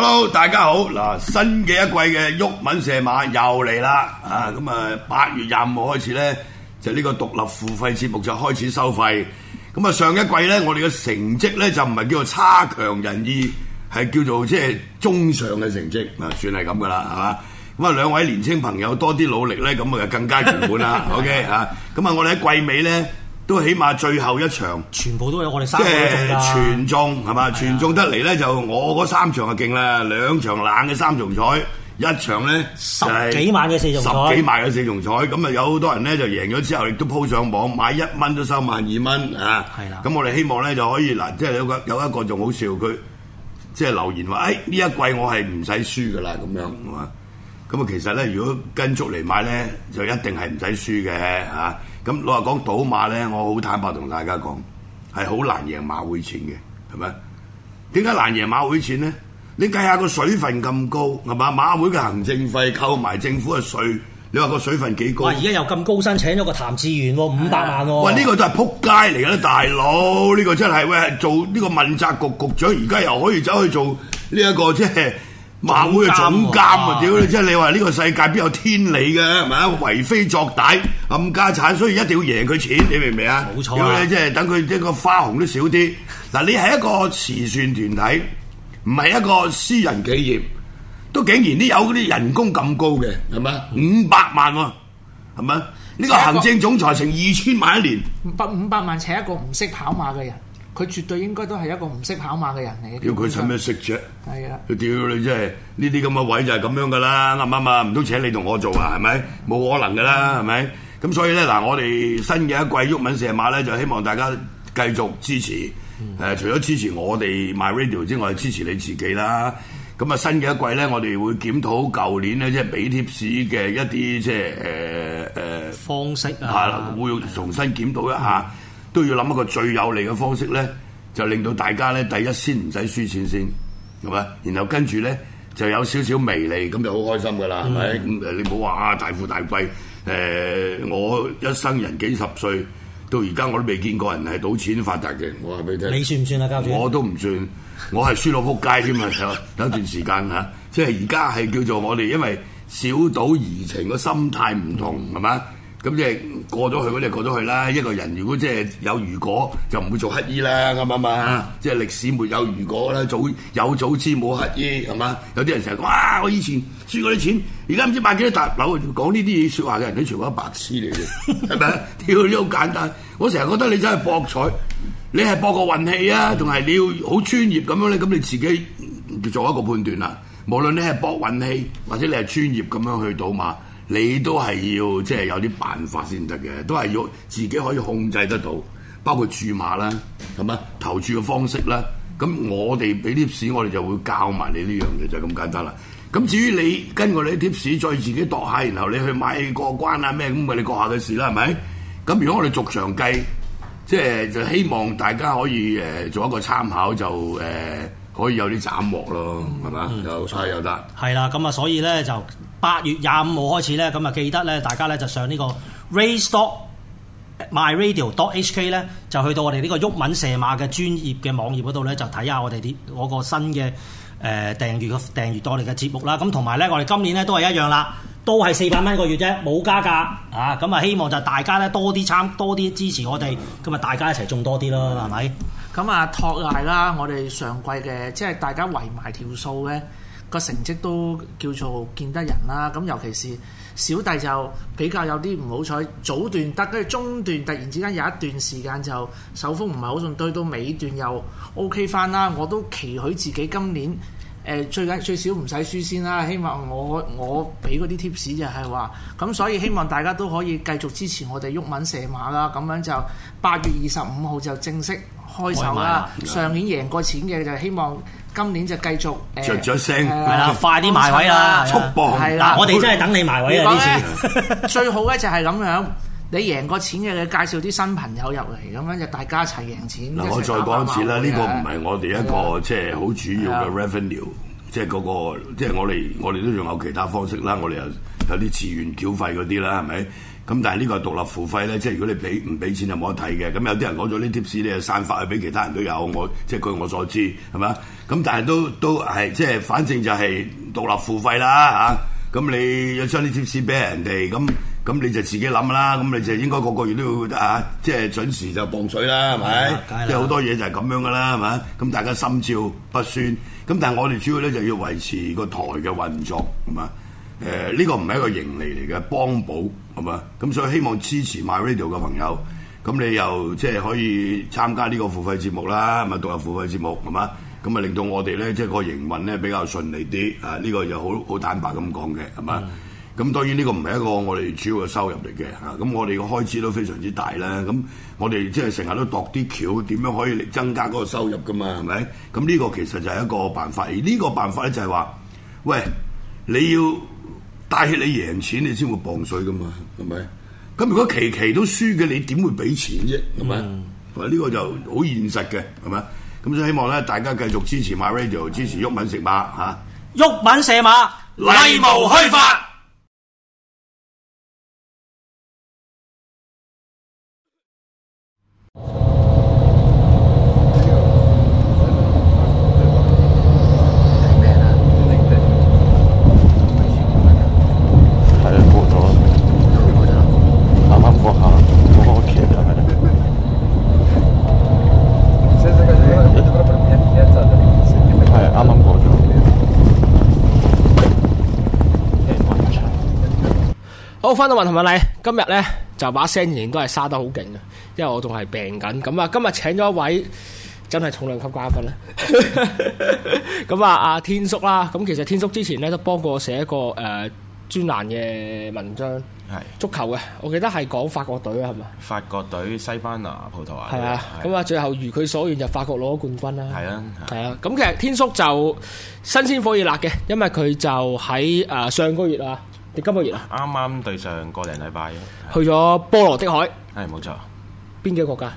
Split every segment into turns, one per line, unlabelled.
Hello，大家好！嗱，新嘅一季嘅《文圖萬里又來了》又嚟啦！啊，咁啊，八月廿五號開始咧，就呢、是、個獨立付費節目就開始收費。咁啊，上一季咧，我哋嘅成績咧就唔係叫做差強人意，係叫做即係中上嘅成績啊，算係咁噶啦，係嘛？咁啊，兩位年青朋友多啲努力咧，咁啊就更加圓滿啦。 OK 啊，咁啊，我哋喺季尾咧。都起碼最後一場，全部都有我哋三個中全中係嘛？是啊、全中得嚟咧就我嗰三場就勁啦，兩場冷嘅三重彩，一場咧十幾萬嘅四重彩，十幾萬嘅四重彩，咁啊有好多人咧就贏咗之後亦都鋪上網買一蚊都收萬二蚊嚇，咁是、啊啊、我哋希望咧就可以嗱，即係有個有一個仲好笑，佢即係留言話：，誒、哎、呢一季我係唔使輸噶啦咁樣，咁啊，其實咧，如果跟足嚟買咧，就一定係唔使輸嘅咁、啊、老話講賭馬咧，我好坦白同大家講，係好難贏馬會錢嘅，係咪？點解難贏馬會錢咧？你計下個水分咁高係嘛？馬會嘅行政費、扣埋政府嘅稅，你話個水分幾高？啊！而家
又咁高薪請咗個譚志源喎，五百萬喎、啊哎。喂，呢、呢個都係
撲街嚟嘅，大佬呢、呢個真係喂，做呢個問責局局長，而家又可以走去做呢、呢、一個即、即係馬會嘅總監啊，屌你！即係你話呢個世界邊有天理嘅，係咪啊？為非作歹，冚家產，所以一定要贏佢錢，你明唔明啊？冇錯啊！即係等佢呢個花紅都少啲。嗱，你係一個慈善團體，唔係一個私人企業，都竟然都有嗰啲人工咁高嘅，係咪？五百萬喎，係咪？呢個行政總裁成二千萬一年，五
百五百萬請一個唔識跑馬嘅人。佢絕對應該都係一個唔識跑馬嘅人嚟嘅。屌佢使咩
識啫？係啊的！佢屌你真係呢啲咁嘅位就係咁樣噶啦，啱唔啱啊？唔通請你同我做啊？係咪？冇可能嘅啦，係咪？咁所以咧嗱，我哋新嘅一季鬱文、嗯、射馬咧，就希望大家繼續支持。誒，嗯、除咗支持我哋 MyRadio 之外，支持你自己啦。咁啊，新嘅一季咧，我哋會檢討舊年咧，即係俾貼士嘅一啲即係誒誒方式啊。係啦，會重新檢討一下。.都要諗一個最有利嘅方式咧，就令到大家咧第一先唔使輸錢先，係咪？然後跟住咧就有少少微利，咁就好開心㗎啦，係咪、嗯？咁誒吧，你唔好話啊大富大貴，誒、嗯呃、我一生人幾十歲到而家我都未見過人係賭錢發達嘅，我話俾你聽。你算唔算啊，教主？我都唔算，我係輸到撲街添啊！有 一段時間嚇、啊，即係而家係叫做我哋，因為小賭怡情個心態唔同，係咪？咁即係過咗去嗰啲，過咗去啦。一個人如果即係有如果，就唔會做乞衣啦，啱唔啱啊？嗯、即係歷史沒有如果啦，早有早知冇乞衣，係嘛？有啲人成日講哇，我以前輸嗰啲錢，而家唔知買幾多大樓。講呢啲嘢説話嘅人都全部都白痴嚟嘅，係咪啊？屌，你好 簡單。我成日覺得你真係博彩，你係博個運氣啊，同埋你要好專業咁樣咧，咁你自己要做一個判斷啦。無論你係博運氣，或者你係專業咁樣去賭馬。你都係要即係有啲辦法先得嘅，都係要自己可以控制得到，包括注碼啦，係嘛？投注嘅方式啦。咁我哋俾啲 tips，我哋就會教埋你呢樣嘢就咁、是、簡單啦。咁至於你跟我哋 tips 再自己度下，然後你去買過關啊咩咁，咪你閣下嘅事啦，係咪？咁如果我哋逐場計，即係就希望大家可以誒、呃、做一個參考，就誒、呃、可以有啲斬獲咯，係嘛？嗯、有錯又得，
係啦。咁啊，所以咧就。八月廿五號開始呢，咁啊記得呢，大家呢就上呢個 race.myradio.hk 呢，就去到我哋呢個毓民射馬嘅專業嘅網頁嗰度呢，就睇下我哋啲嗰個新嘅誒、呃、訂閲嘅訂閲多啲嘅節目啦。咁同埋呢，我哋今年呢都係一樣啦，都係四百蚊一個月啫，冇加價啊。咁啊，希望就大家呢多啲參多啲支持我哋，咁啊大家一齊種多啲咯，係咪、嗯？咁啊，托賴啦，我哋上季嘅即係大家圍埋條數呢。個成績都叫做見得人啦，咁尤其是小弟就比較有啲唔好彩，早段得，跟住中段突然之間有一段時間就手風唔係好順，對到尾段又 O K 翻啦。我都期許自己今年、呃、最最少唔使輸先啦。希望我我俾嗰啲 tips 就係話，咁所以希望大家都可以繼續支持我哋郁文射馬啦。咁樣就八月二十五號就正式開籌啦！上年贏過錢嘅就希望今年就繼續着著
著聲，
係啦，快啲埋位啦，速報係啦！我哋真係等你埋位啊！
最好咧就係咁樣，你贏過錢嘅介紹啲新朋友入嚟，咁樣就大家一齊贏錢。嗱，我再講一次啦，呢個唔係
我哋一個即係好主要嘅 revenue，即係嗰個即係我哋我哋都仲有其他方式啦，我哋又有啲自願繳費嗰啲啦，係咪？咁但係呢個係獨立付費咧，即係如果你俾唔俾錢就冇得睇嘅。咁有啲人講咗啲貼士，你就散發去俾其他人都有，我即係據我所知係咪？咁但係都都係即係，反正就係獨立付費啦咁、啊、你要將啲貼士畀俾人哋，咁咁你就自己諗啦。咁你就應該個個月都要啊，即、就、係、是、準時就磅水啦，係咪？即好、啊、多嘢就係咁樣㗎啦，係咪？咁大家心照不宣。咁但係我哋主要咧就要維持個台嘅運作，係嘛？誒呢、呃這個唔係一個盈利嚟嘅幫補，係嘛？咁所以希望支持 MyRadio 嘅朋友，咁你又即係可以參加呢個付費節目啦，咪獨立付費節目係嘛？咁咪令到我哋咧，即係個營運咧比較順利啲。啊，呢、這個就好好坦白咁講嘅，係嘛？咁、mm hmm. 當然呢個唔係一個我哋主要嘅收入嚟嘅嚇。咁、啊、我哋嘅開支都非常之大啦。咁我哋即係成日都度啲橋，點樣可以增加嗰個收入㗎嘛？係咪？咁呢個其實就係一個辦法。而、這、呢個辦法咧就係話，喂，你要。帶起你贏錢才是是奇奇，你先會磅水㗎嘛，係咪？咁如果期期都輸嘅，你點會畀錢啫？係咪？呢個就好現實嘅，係咪？咁所以希望大家繼續支持 MyRadio，支持毓民射馬嚇。
毓民射馬，
例無虛發。
翻到云同文圖萬里，今日呢，就把聲仍都係沙得好勁嘅，因為我仲係病緊。咁啊，今日請咗一位真係重量級嘉賓咧。咁 啊，阿天叔啦。咁其實天叔之前呢，都幫過我寫一個誒專欄嘅文章，係是足球嘅。我記得係講法國隊啊，係嘛？法國隊西班牙、葡萄牙係啊。咁啊，最後如佢所願，就法國攞咗冠軍啦。係啊，係啊。咁、啊、其實天叔就新鮮火熱辣嘅，因為佢就喺誒、呃、上個月啦。今個月啦，啱啱對上個零禮拜，去咗波羅的海，係冇錯。邊幾個國家？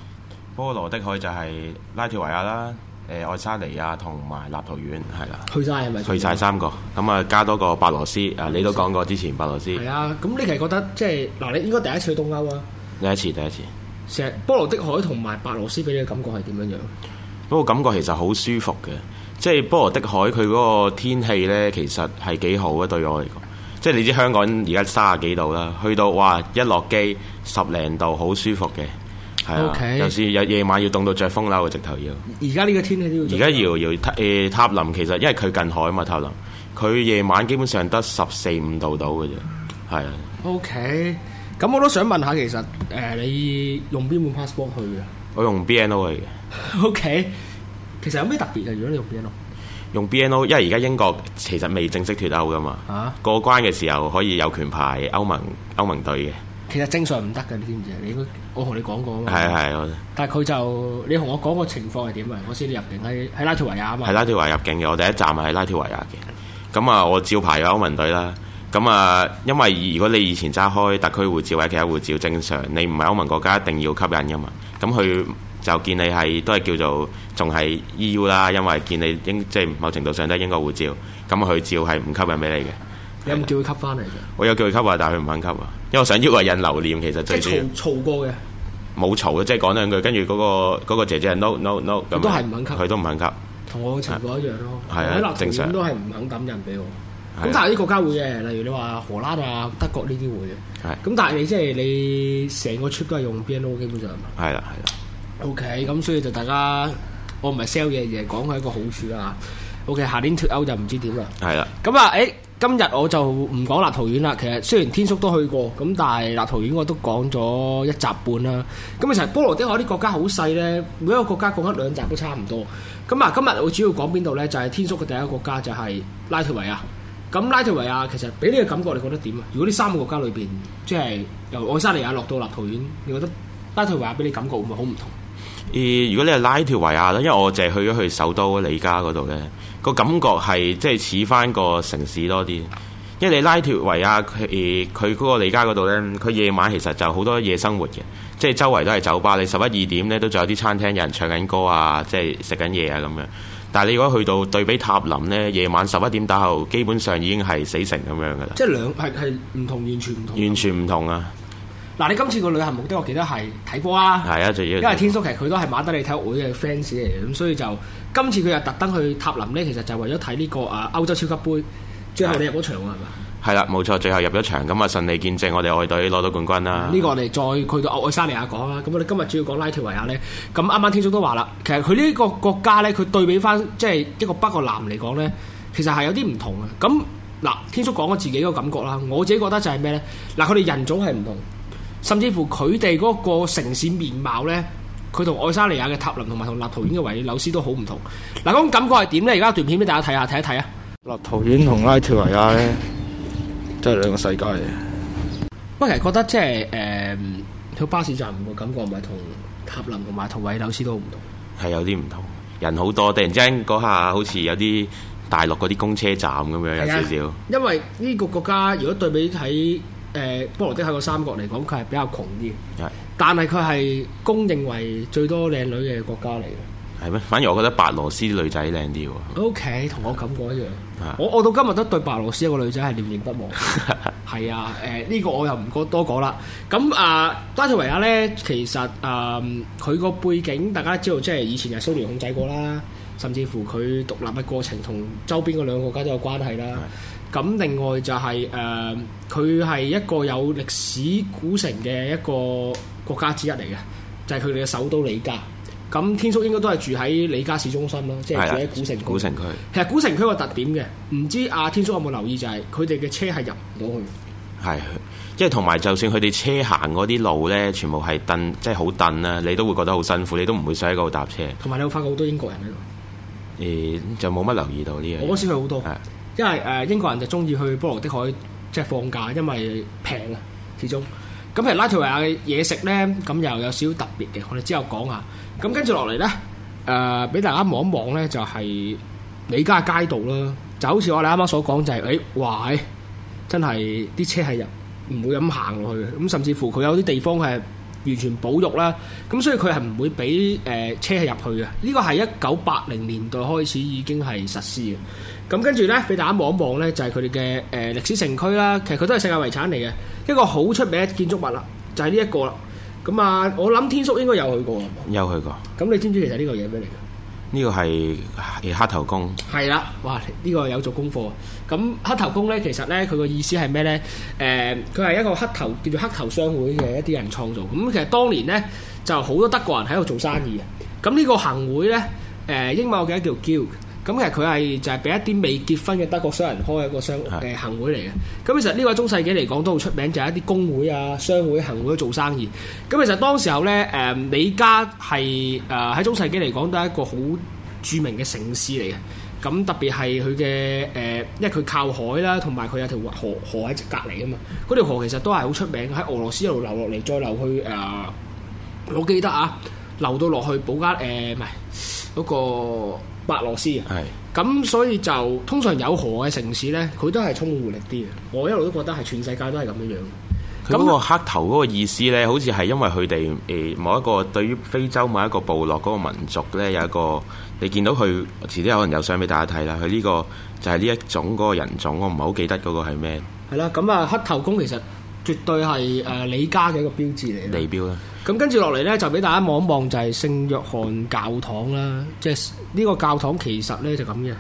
波羅
的海就係拉脫維亞啦，誒、呃，愛沙尼亞同埋立陶宛係啦，去晒係咪？去晒三個，咁啊加多個白羅斯啊，的你都講過之前白羅斯係
啊。咁的你其實覺得即係嗱，你應該第一次去東歐啊，
第一次，第一次。
成波羅的海同埋白羅斯俾你嘅感覺係點樣樣？
嗰個感覺其實好舒服嘅，即、就、係、是、波羅的海佢嗰個天氣咧，其實係幾好嘅，對我嚟講。即係你知香港而家三廿幾度啦，去到哇，一落機十零度好舒服嘅，係啊，尤其有夜晚要凍到著風褸嘅直頭要。
而家呢個天氣都要。而家
搖搖，誒塔林其實因為佢近海啊嘛，塔林，佢夜晚基本上得十四五度到嘅啫，係啊。
O K，咁我都想問下其實，誒你用邊本 passport 去嘅？
我用 B N O 去嘅。
O K，其實有咩特別嘅？如果你用 B N O？
用 BNO，因為而家英國其實未正式脫歐噶嘛，啊、過關嘅時候可以有權排歐盟歐盟隊嘅。
其實正常唔得噶，你知唔知？你應該我同你講過啊嘛。係
係，
但係佢就你同我講個情況係點啊？我先入境喺喺拉脫維亞啊嘛。係拉
脫維亞入境嘅，我第一站係拉脫維亞嘅。咁啊，我照排咗歐盟隊啦。咁啊，因為如果你以前揸開特區護照或者其他護照正常，你唔係歐盟國家一定要吸引噶嘛。咁佢。嗯就見你係都係叫做仲係 EU 啦，因為見你英即係某程度上都係英國護照，咁佢照係唔吸引俾你嘅，你
有冇叫佢吸翻嚟？
我有叫佢吸啊，但係佢唔肯吸啊，因為我想喐啊印留念，其實最主要嘈嘈過嘅，冇嘈啊，即係講兩句，跟住嗰個姐姐係 no no no 咁，都係唔肯吸，佢都唔肯吸，
同我嘅情況一樣咯。係啊的，正常都係唔肯抌印俾我。咁但係啲國家會嘅，例如你話荷蘭啊、德國呢啲會嘅，係咁的，但係你即係、就是、你成個出都係用 BNO 基本上係啦，係啦。O K，咁所以就大家我唔係 sell 嘅嘢，而係講佢一個好處啦。O K，下年脫歐就唔知點啦。係啦的，咁啊，誒、欸，今日我就唔講立陶宛啦。其實雖然天叔都去過，咁但係立陶宛我都講咗一集半啦。咁其實波羅的海啲國家好細咧，每一個國家講一兩集都差唔多。咁啊，今日我主要講邊度咧？就係、是、天叔嘅第一個國家就係拉脫維亞。咁拉脫維亞其實俾呢個感覺你覺得點啊？如果呢三個國家裏邊，即、就、係、是、由愛沙尼亞落到立陶宛，你覺得？拉脫維亞俾你感覺會唔會好唔同？誒、呃，
如果你係拉脫維亞啦，因為我淨係去咗去首都里加嗰度咧，那個感覺係即係似翻個城市多啲。因為你拉脫維亞佢佢嗰個里加嗰度咧，佢夜晚其實就好多夜生活嘅，即係周圍都係酒吧。你十一二點咧，都仲有啲餐廳有人唱緊歌啊，即係食緊嘢啊咁樣。但係你如果去到對比塔林咧，夜晚十一點打後，基本上已經係死城咁樣噶啦。即係兩
係係唔同，完全唔同。完全唔同啊！嗱、啊，你今次個旅行目的我記得係睇波啊，
係啊，仲要因為天
叔其實佢都係馬德里體育會嘅 fans 嚟嘅，咁所以就今次佢又特登去塔林咧，其實就為咗睇呢個啊歐洲超級杯，最後你入咗場係咪啊係嘛？
係啦，冇錯，最後入咗場，咁啊順利見證我哋外隊攞到冠軍啦。呢、嗯呢
個我哋再去到愛沙尼亞講啦，咁我哋今日主要講拉脫維亞呢。咁啱啱天叔都話啦，其實佢呢個國家呢，佢對比翻即係一個北歐南嚟講呢，其實係有啲唔同嘅。咁嗱、啊，天叔講咗自己個感覺啦，我自己覺得就係咩呢？嗱、啊，佢哋人種係唔同。甚至乎佢哋嗰個城市面貌咧，佢同愛沙尼亞嘅塔林同埋同立陶宛嘅維爾紐斯都好唔同。嗱、啊，嗰種感覺係點咧？而家段片俾大家睇下，睇一睇啊！立陶宛同拉脫維亞咧，真係兩個世界。不過其實覺得即係誒，條、嗯、巴士站個感覺唔係同塔林同埋同維爾紐斯都好唔同。
係有啲唔同，人好多，突然之間嗰下好似有啲大陸嗰啲公車站咁樣的有少少。
因為呢個國家如果對比喺……誒波羅的海個三國嚟講，佢係比較窮啲嘅。
係
的，但係佢係公認為，為最多靚女嘅國家嚟
嘅。係咩？反而我覺得白羅斯女仔靚啲
喎。O K，同我感覺一樣。的我我到今日都對白羅斯一個女仔係念念不忘。係啊， 誒、呃、呢、呢個我又唔該多講啦。咁啊，拉、呃、脫維亞咧，其實誒佢個背景大家都知道，即係以前係蘇聯控制過啦，嗯、甚至乎佢獨立嘅過程同周邊嗰兩個國家都有關係啦。咁另外就係、是、誒，佢、呃、係一個有歷史古城嘅一個國家之一嚟嘅，就係佢哋嘅首都里加。咁天叔應該都係住喺里加市中心囉，即、就、係、是、住喺古城古城區。其實古城區，古城區個特點嘅，唔知阿、啊、天叔有冇留意就係佢哋嘅車係入唔到
去。係，即係同埋就算佢哋車行嗰啲路咧，全部係凳，即係好凳啦，你都會覺得好辛苦，你都唔會想喺嗰度搭車。
同埋你會發覺好多英國人喺度、呃。
就冇乜留意到呢樣嘢。我嗰時好
多。因為誒英國人就中意去波羅的海，即係放假，因為平啊，始終。咁譬如拉脫維亞嘅嘢食咧，咁又有少少特別嘅，我哋之後講下。咁跟住落嚟咧，誒俾大家望一望咧，就係你家街道啦，就好似我哋啱啱所講，就係誒哇，誒真係啲車係入唔會咁行落去嘅。咁甚至乎佢有啲地方係完全保育啦，咁所以佢係唔會俾誒車係入去嘅。呢個係一九八零年代開始已經係實施嘅。咁跟住呢，俾大家望一望呢，就係佢哋嘅歷史城區啦。其實佢都係世界遺產嚟嘅，一個好出名嘅建築物啦。就係呢一個啦。咁啊，我諗天叔應該有去過有去過。咁、嗯、你知唔知其實呢個嘢咩嚟嘅？
呢個係黑頭公。
係啦，哇！呢、呢個有做功課。咁黑頭公呢，其實呢，佢個意思係咩呢？佢、呃、係一個黑頭叫做黑頭商會嘅一啲人創造。咁、嗯、其實當年呢，就好多德國人喺度做生意嘅。咁呢個行會呢，誒、呃、英語嘅叫 Guild。咁其實佢係就係、是、俾一啲未結婚嘅德國商人開一個商是的 行會嚟嘅。咁其實呢個中世紀嚟講都好出名，就係、是、一啲工會啊、商會、行會都做生意。咁其實當時候咧，誒，里加係誒喺中世紀嚟講都係一個好著名嘅城市嚟嘅。咁特別係佢嘅誒，因為佢靠海啦，同埋佢有條河河喺隔籬啊嘛。嗰條河其實都係好出名，喺俄羅斯一路流落嚟，再流去誒、呃，我記得啊，流到落去保加誒，唔、呃、嗰、那個。白羅斯，係咁是所以就通常有河嘅城市呢，佢都係充滿活力啲嘅。我一路都覺得係全世界都係咁樣樣。咁嗰個
黑頭嗰個意思呢，那好似係因為佢哋誒某一個對於非洲某一個部落嗰個民族呢，有一個你見到佢，遲啲可能有相俾大家睇啦。佢呢、這個就係、是、呢一種嗰個人種，我唔係好記得嗰個係咩。
係啦，咁啊黑頭公其實絕對係誒、呃、里加嘅一個標誌嚟嘅。地標啦。咁跟住落嚟咧，就俾大家望一望，就係聖約翰教堂啦。即係呢個教堂其實咧就咁嘅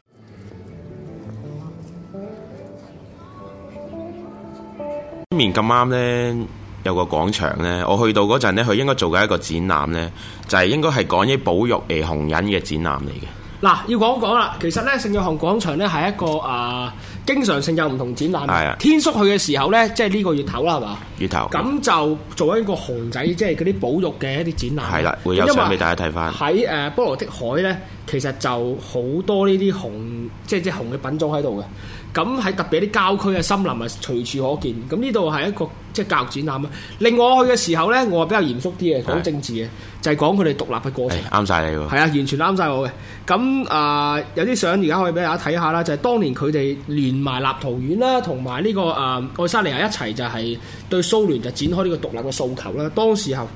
面咁啱咧有個廣場咧，我去到嗰陣咧，佢應該做緊一個展覽咧，就係、是、應該係講啲保育誒紅人嘅展覽嚟嘅。
嗱，要講講啦，其實咧聖約翰廣場咧係一個啊。呃經常性有唔同展覽，的天叔去嘅時候咧，即係呢個月頭啦，係嘛？月頭咁就做一個熊仔，即係嗰啲保育嘅一啲展覽，係啦，會有相俾為大
家睇翻。喺
波羅的海咧，其實就好多呢啲熊，即係即係熊嘅品種喺度嘅。咁喺特別啲郊區嘅森林啊，隨處可見。咁呢度係一個即係、就是、教育展覽啊。另外我去嘅時候呢，我係比較嚴肅啲嘅，講政治嘅，的就係講佢哋獨立嘅過程。啱晒、欸、你喎！係啊，完全啱晒我嘅。咁啊、呃，有啲相而家可以俾大家睇下啦。就係、是、當年佢哋聯埋立陶宛啦，同埋呢個啊愛沙尼亞一齊，就係對蘇聯就展開呢個獨立嘅訴求啦。當時候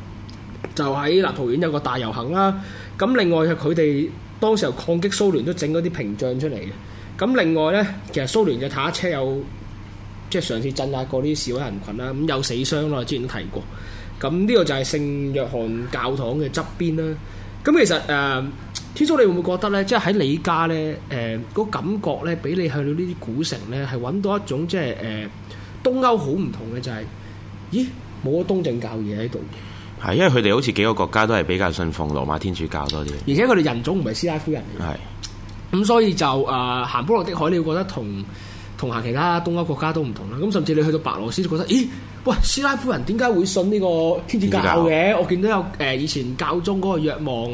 就喺立陶宛有個大遊行啦。咁另外佢哋當時候抗擊蘇聯都整咗啲屏障出嚟嘅。咁另外呢，其實蘇聯嘅坦克車有即係上次鎮壓過啲示威人群啦，咁有死傷啦，我之前都提過。咁呢個就係聖約翰教堂嘅側邊啦。咁其實誒、呃，天叔你會唔會覺得呢？即係喺里加呢，誒、呃，個感覺呢，畀你去到呢啲古城呢，係揾到一種即係誒、呃、東歐好唔同嘅就係、是，咦冇咗東正教嘢喺度。係
因為佢哋好似幾個國家都係比較信奉羅馬天主教多
啲。而且佢哋人種唔係斯拉夫人嚟。係。咁所以就誒行波羅的海，你會覺得同同行其他東歐國家都唔同啦。咁甚至你去到白羅斯就覺得，咦喂，斯拉夫人點解會信呢個天主教嘅？教我見到有誒以前教宗嗰個若望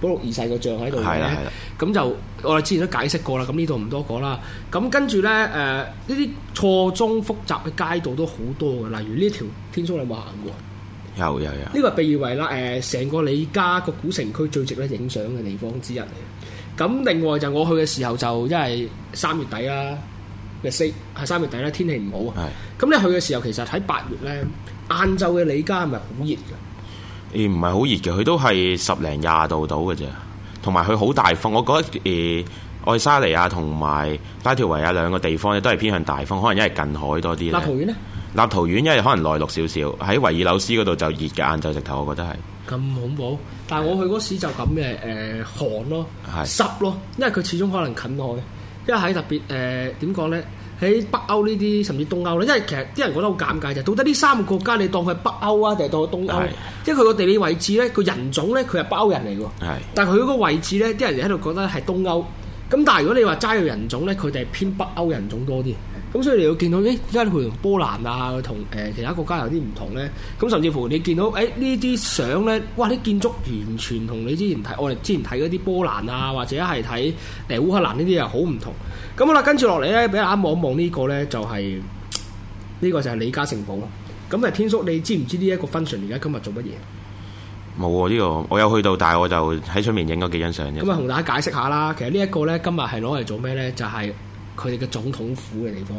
保祿二世個像喺度嘅。咁就我哋之前都解釋過啦。咁呢度唔多講啦。咁跟住咧誒，呢啲錯綜複雜嘅街道都好多嘅。例如呢條天窗有冇行過？有有有，呢個被譽為啦誒，成個里加個古城區最值得影相嘅地方之一。咁另外就我去嘅時候就因為三月底啦，即係三月底啦，天氣唔好啊。咁你去嘅時候其實喺八月咧，晏晝嘅里加係咪好熱嘅？
誒唔係好熱嘅，佢都係十零廿度到嘅啫。同埋佢好大風，我覺得誒愛沙尼亞同埋拉脫維亞兩個地方咧都係偏向大風，可能因為近海多啲咧。那桃園咧？立陶宛因為可能內陸少少，喺維爾紐斯嗰度就熱嘅，晏晝直頭，我覺得係。
咁恐怖！但係我去嗰時就咁嘅，誒是的、呃、寒咯，是的 濕咯，因為佢始終可能近海。因為喺特別誒點講咧，喺、呃、北歐呢啲甚至東歐咧，因為其實啲人覺得好尷尬就到底呢三個國家你當佢北歐啊定係當東歐？因是的 為佢個地理位置咧，個人種咧佢係北歐人嚟喎。係。是的 但係佢嗰個位置咧，啲人喺度覺得係東歐。咁但係如果你話齋人種咧，佢哋係偏北歐人種多啲。咁所以你又見到，呢、欸，而家佢同波蘭啊，同誒其他國家有啲唔同咧。咁甚至乎你見到，誒、欸、呢啲相咧，哇！啲建築完全同你之前睇，我、哦、哋之前睇嗰啲波蘭啊，或者係睇誒烏克蘭呢啲又好唔同。咁好啦，跟住落嚟咧，俾大家望一望呢個咧，就係、是、呢、這個就係里加城堡。咁啊，天叔，你知唔知呢一個 function 而家今日做乜嘢？
冇喎、啊，呢、這個我有去到大，但係我就喺出面影咗幾張相啫咁啊，同
大家解釋下啦。其實這個呢一個咧，今日係攞嚟做咩咧？就係、是。佢哋嘅總統府嘅地方，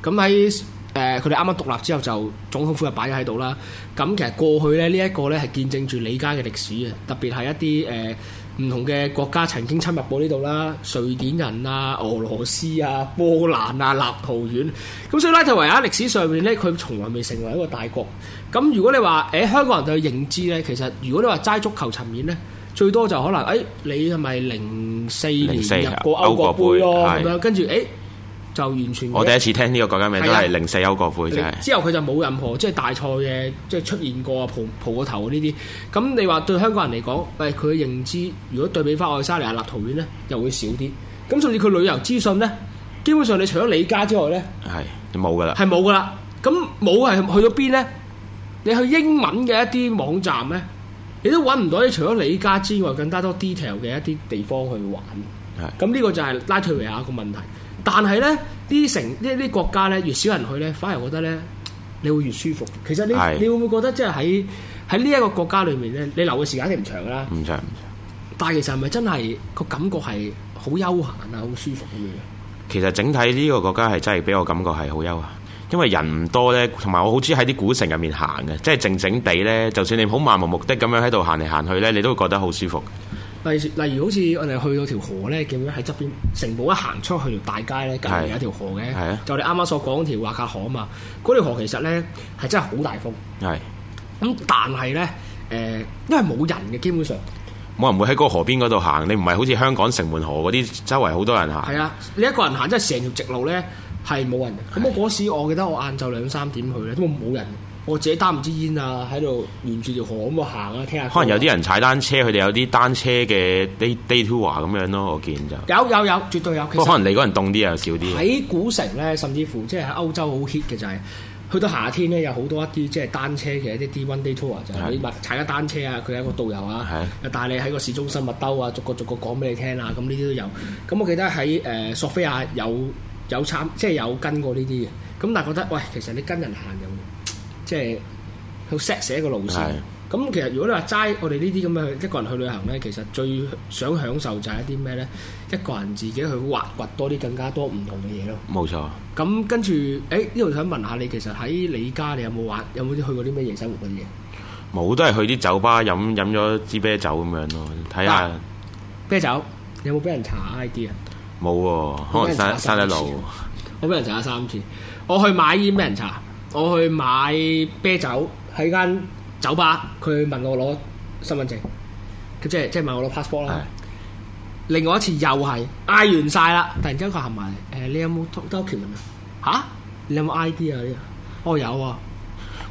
咁喺誒佢哋啱啱獨立之後就總統府就擺咗喺度啦。咁其實過去咧呢一、這個咧係見證住里加嘅歷史嘅，特別係一啲誒唔同嘅國家曾經侵入過呢度啦，瑞典人啊、俄羅斯啊、波蘭啊、立陶宛。咁所以拉脫維亞歷史上面咧，佢從來未成為一個大國。咁如果你話誒、呃、香港人對的認知咧，其實如果你話齋足球層面咧，最多就可能誒、哎、你係咪零？四年入過歐國杯咯，咁樣跟住，誒、欸、就完全我第一次
聽呢個國家名字都係零四歐國杯，的之
後佢就冇任何即係、就是、大賽嘅即係出現過啊，蒲蒲個頭呢啲。咁你話對香港人嚟講，誒，佢嘅認知，如果對比翻愛沙尼亞、立陶宛咧，又會少啲。咁甚至佢旅遊資訊咧，基本上你除咗里加之外咧，
係冇噶啦，係
冇噶啦。咁冇係去到邊咧？你去英文嘅一啲網站咧？你都揾唔到，除咗你家之外，更加多 detail 嘅一啲地方去玩。咁呢是個就係拉脫維亞個問題，但係咧，啲城呢啲國家咧，越少人去咧，反而覺得咧，你會越舒服。其實你是你會唔會覺得，即係喺喺呢一個國家裏面咧，你留嘅時間係唔長啦。唔長唔長，長但係其實係咪真係個感覺係好悠閒啊，好舒服咁樣，
其實整體呢個國家係真係俾我的感覺係好悠閒。因為人唔多咧，同埋我好中意喺啲古城入面行嘅，即係靜靜地咧，就算你好漫無目的咁樣喺度行嚟行去咧，你都會覺得好舒服。
例如，例如好似我哋去到條河咧，基本喺側邊，城堡一行出去條大街咧，隔離有一條河嘅，是的 就你啱啱所講條畫架河啊嘛。嗰條河其實咧係真係好大風。係是的。咁但係咧，誒，因為冇人嘅，基本上
冇人會喺嗰個河邊嗰度行。你唔係好似香港城門河嗰啲周圍好多人行。係
啊，你一個人行真係成條直路咧。係冇人，咁我嗰時我記得我晏晝兩三點去咧，都冇人。我自己擔唔支煙啊，喺度沿住條河咁啊行啊，聽下、啊。可能有
啲人踩單車，佢哋、啊、有啲單車嘅 day day tour 咁樣咯，我見就。
有有有，絕對有。不過可能你
嗰陣凍啲又少啲。喺
古城咧，甚至乎即係喺歐洲好 hit 嘅就係、是，去到夏天咧有好多一啲即係單車嘅一啲 day one day tour 是就係踩踩架單車啊，佢係一個導遊啊，是帶你喺個市中心物兜啊，逐個逐個講俾你聽啊。咁呢啲都有。咁我記得喺誒、呃、索菲亞有。有參即係有跟過呢啲嘅，咁但係覺得喂，其實你跟人行有，即係好 set 寫個路線。咁其實如果你話齋，我哋呢啲咁嘅一個人去旅行咧，其實最想享受就係一啲咩咧？一個人自己去挖掘多啲更加多唔同嘅嘢咯。冇錯。咁跟住，誒呢度想問下你，其實喺你家你有冇玩有冇啲去過啲咩夜生活嘅嘢？
冇，都係去啲酒吧飲飲咗支啤酒咁樣咯，睇下。
啤酒有冇俾人查 ID 啊？
冇喎、啊，可能三三得
次。次我俾人查三次，我去買煙俾人查，我去買啤酒喺間酒，酒吧，佢問我攞身份證，佢即係即係問我攞 passport 啦。的另外一次又係嗌完晒啦，突然間佢行埋嚟，誒、呃，你有冇 document 啊？吓，你有冇 ID 啊？哦，我有啊。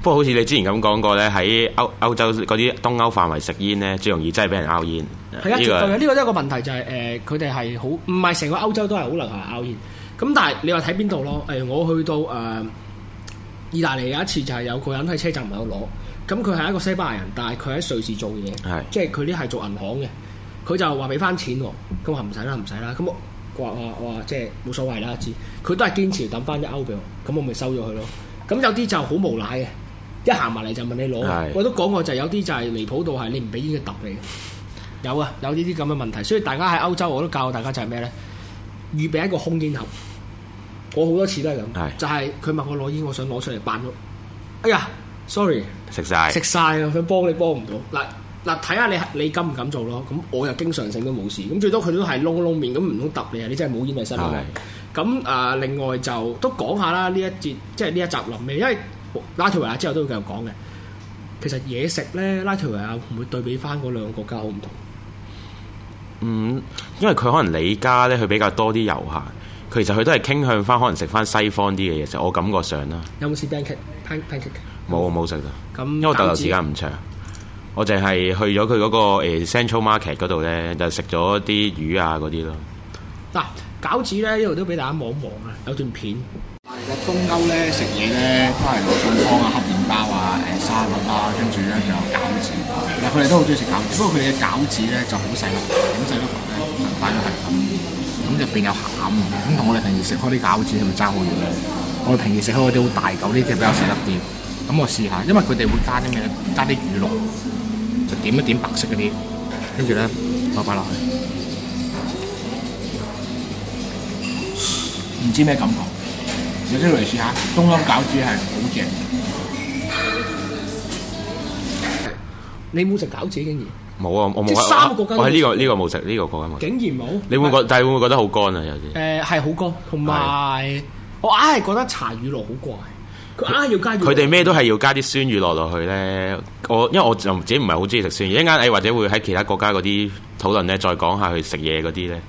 不過好似你之
前咁講過咧，喺歐歐洲嗰啲東歐範圍食煙咧，最容易真係俾人拗煙。係啊的，呢、這
個呢個一個問題就係、是、誒，佢哋係好唔係成個歐洲都係好流行拗煙？咁但係你話睇邊度咯？誒，我去到誒、呃、意大利有一次就係有個人喺車站唔度攞，咁佢係一個西班牙人，但係佢喺瑞士是的 做嘢，即係佢啲係做銀行嘅。佢就話俾翻錢喎，佢話唔使啦唔使啦，咁我話話話即係冇所謂啦，知佢都係堅持掟翻啲歐俾我，咁我咪收咗佢咯。咁有啲就好無賴嘅。一行埋嚟就問你攞，是的 我都講過就有啲就係離譜到係你唔俾煙嘅揼你，有啊，有呢啲咁嘅問題，所以大家喺歐洲我都教大家就係咩呢？預備一個空煙盒，我好多次都係咁，是的 就係佢問我攞煙，我想攞出嚟辦咯，哎呀，sorry，食晒。食晒咯，佢幫你幫唔到，嗱嗱睇下你你敢唔敢做咯，咁我又經常性都冇事，咁最多佢都係窿窿面咁唔通揼你啊？你真係冇煙咪失禮，咁啊是的、呃、另外就都講下啦呢一節即係呢一集臨尾，因為拉脫維亞之後都會繼續講嘅。其實嘢食咧，拉脫維亞唔會對比翻嗰兩個國家好唔同。
嗯，因為佢可能你家咧，佢比較多啲遊客，佢其實佢都係傾向翻可能食翻西方啲嘅嘢食。我感覺上啦，
有冇試 pancake pancake
冇冇食噶。
咁，因為逗留時間
唔長，我淨係去咗佢嗰個誒 Central Market 嗰度咧，就食咗啲魚啊嗰啲咯。
嗱、啊，餃子咧呢度都俾大家望一望啊，有段片。東歐咧食嘢咧都係羅宋湯啊、黑麪包啊、誒沙律啦、啊，跟住咧仲有餃子。但佢哋都好中意食餃子，不過佢哋嘅餃子咧就好細粒，點細粒都覺得大食，都係咁。咁就變有餡，咁同我哋平時食開啲餃子係咪爭好遠咧？我哋平時食開啲好大嚿，呢啲比較細粒啲。咁我試下，因為佢哋會加啲咩？加啲魚露，就點一點白色嗰啲，跟住咧落落去，唔知咩感覺。有啲嚟試下。東歐餃子係好正。你冇食餃子竟然？冇啊，我冇喺三個國家。我喺呢個
呢個冇食，呢個國家冇。竟然冇？你會覺，是但係會唔會覺得好乾啊？有啲
誒係好乾，同埋是我硬係覺得茶魚落好怪，佢硬係要加。佢哋咩
都係要加啲酸魚落落去咧。我因為我就自己唔係好中意食酸魚，一陣間誒或者會喺其他國家嗰啲討論咧，再講下去食嘢嗰啲咧。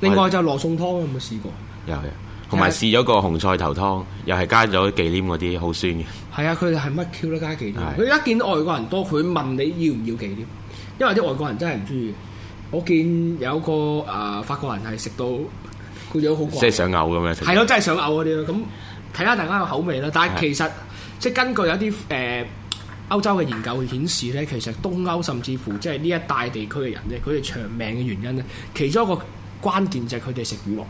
另外就
是羅宋湯有冇試過？
有嘅。 同埋、啊、試咗個紅菜頭湯，又係加咗忌廉嗰啲，好酸
嘅。係啊，佢哋係乜 Q 都加忌廉？佢、啊、一見到外國人多，佢問你要唔要忌廉，因為啲外國人真係唔中意。我見有一個啊、呃、法國人係食到，佢哋都好即係
想嘔咁樣。係咯、啊，真
係想嘔嗰啲咯。咁睇下大家嘅口味啦。但係其實、啊、即係根據有啲誒歐洲嘅研究顯示咧，其實東歐甚至乎即係呢一帶地區嘅人咧，佢哋長命嘅原因咧，其中一個關鍵就係佢哋食魚。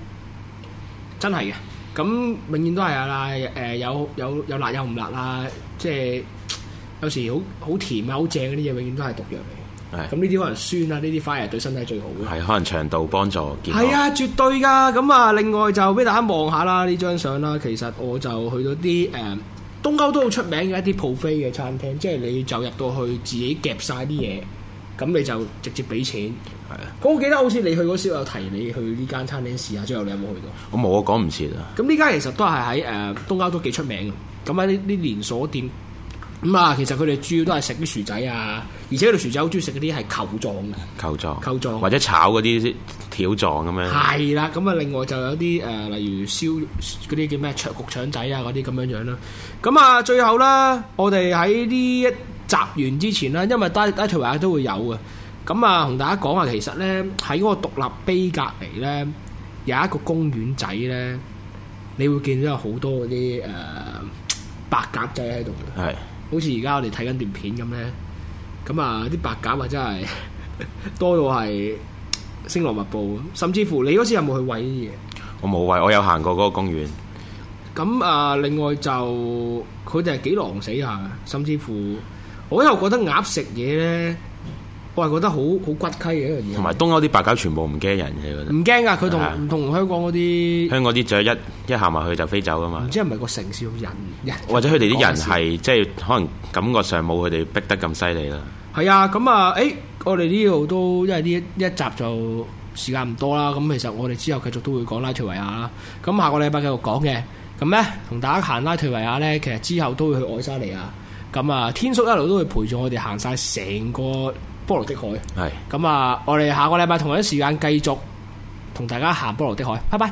真係嘅，咁永遠都係啊！誒，有有有辣有唔辣啦，即係有時好好甜啊，好正嗰啲嘢，永遠都係毒藥嚟嘅。咁呢啲可能酸啊，呢啲反而 r 對身體最好
嘅。係可能長度幫助健康。係啊，
絕對㗎！咁啊，另外就俾大家望下啦，呢張相啦，其實我就去到啲誒東歐都好出名嘅一啲 b u 嘅餐廳，即、就、係、是、你就入到去自己夾晒啲嘢，咁你就直接俾錢。係啊，我記得好似你去嗰時候有提你去呢間餐廳試下，最後你有冇去到？
我冇，啊，講唔切啊。咁
呢間其實都係喺誒東歐都幾出名咁，喺呢啲連鎖店。咁、嗯、啊，其實佢哋主要都係食啲薯仔啊，而且啲薯仔好中意食嗰啲係球狀嘅，球狀、球狀或
者炒嗰啲條狀咁樣。
係啦，咁啊，另外就有啲誒、呃，例如燒嗰啲叫咩？桌焗腸仔啊，嗰啲咁樣樣、啊、咯。咁啊，最後啦，我哋喺呢一集完之前啦，因為單單條位都會有嘅。咁啊，同大家講下，其實呢，喺嗰個獨立碑隔離呢，有一個公園仔呢，你會見到有好多嗰啲誒白鴿仔喺度，是的 好似而家我哋睇緊段片咁呢，咁啊，啲白鴿啊真係多到係星羅密布，甚至乎你嗰時有冇去餵啲嘢？
我冇餵，我有行過嗰個公園。
咁啊，另外就佢哋係幾狼死下，甚至乎我又覺得鴨食嘢呢。我係覺得好好骨稽嘅一樣嘢，同埋東
歐啲白鴿全部唔驚人嘅，唔
驚噶，佢同唔同香港嗰啲
香港啲雀一一行埋去就飛走噶嘛？
唔知係咪個城市引引？
人或者佢哋啲人係即係可能感覺上冇佢哋逼得咁犀利啦。
係啊，咁啊，誒、哎，我哋呢度都因為呢一集就時間唔多啦，咁其實我哋之後繼續都會講拉脫維亞啊。咁下個禮拜繼續講嘅，咁咧同大家行拉脫維亞啊咧，其實之後都會去愛沙尼亞。咁啊，天叔一路都會陪住我哋行晒成個波羅的海，係咁啊！我哋下個禮拜同一時間繼續同大家行波羅的海，拜拜。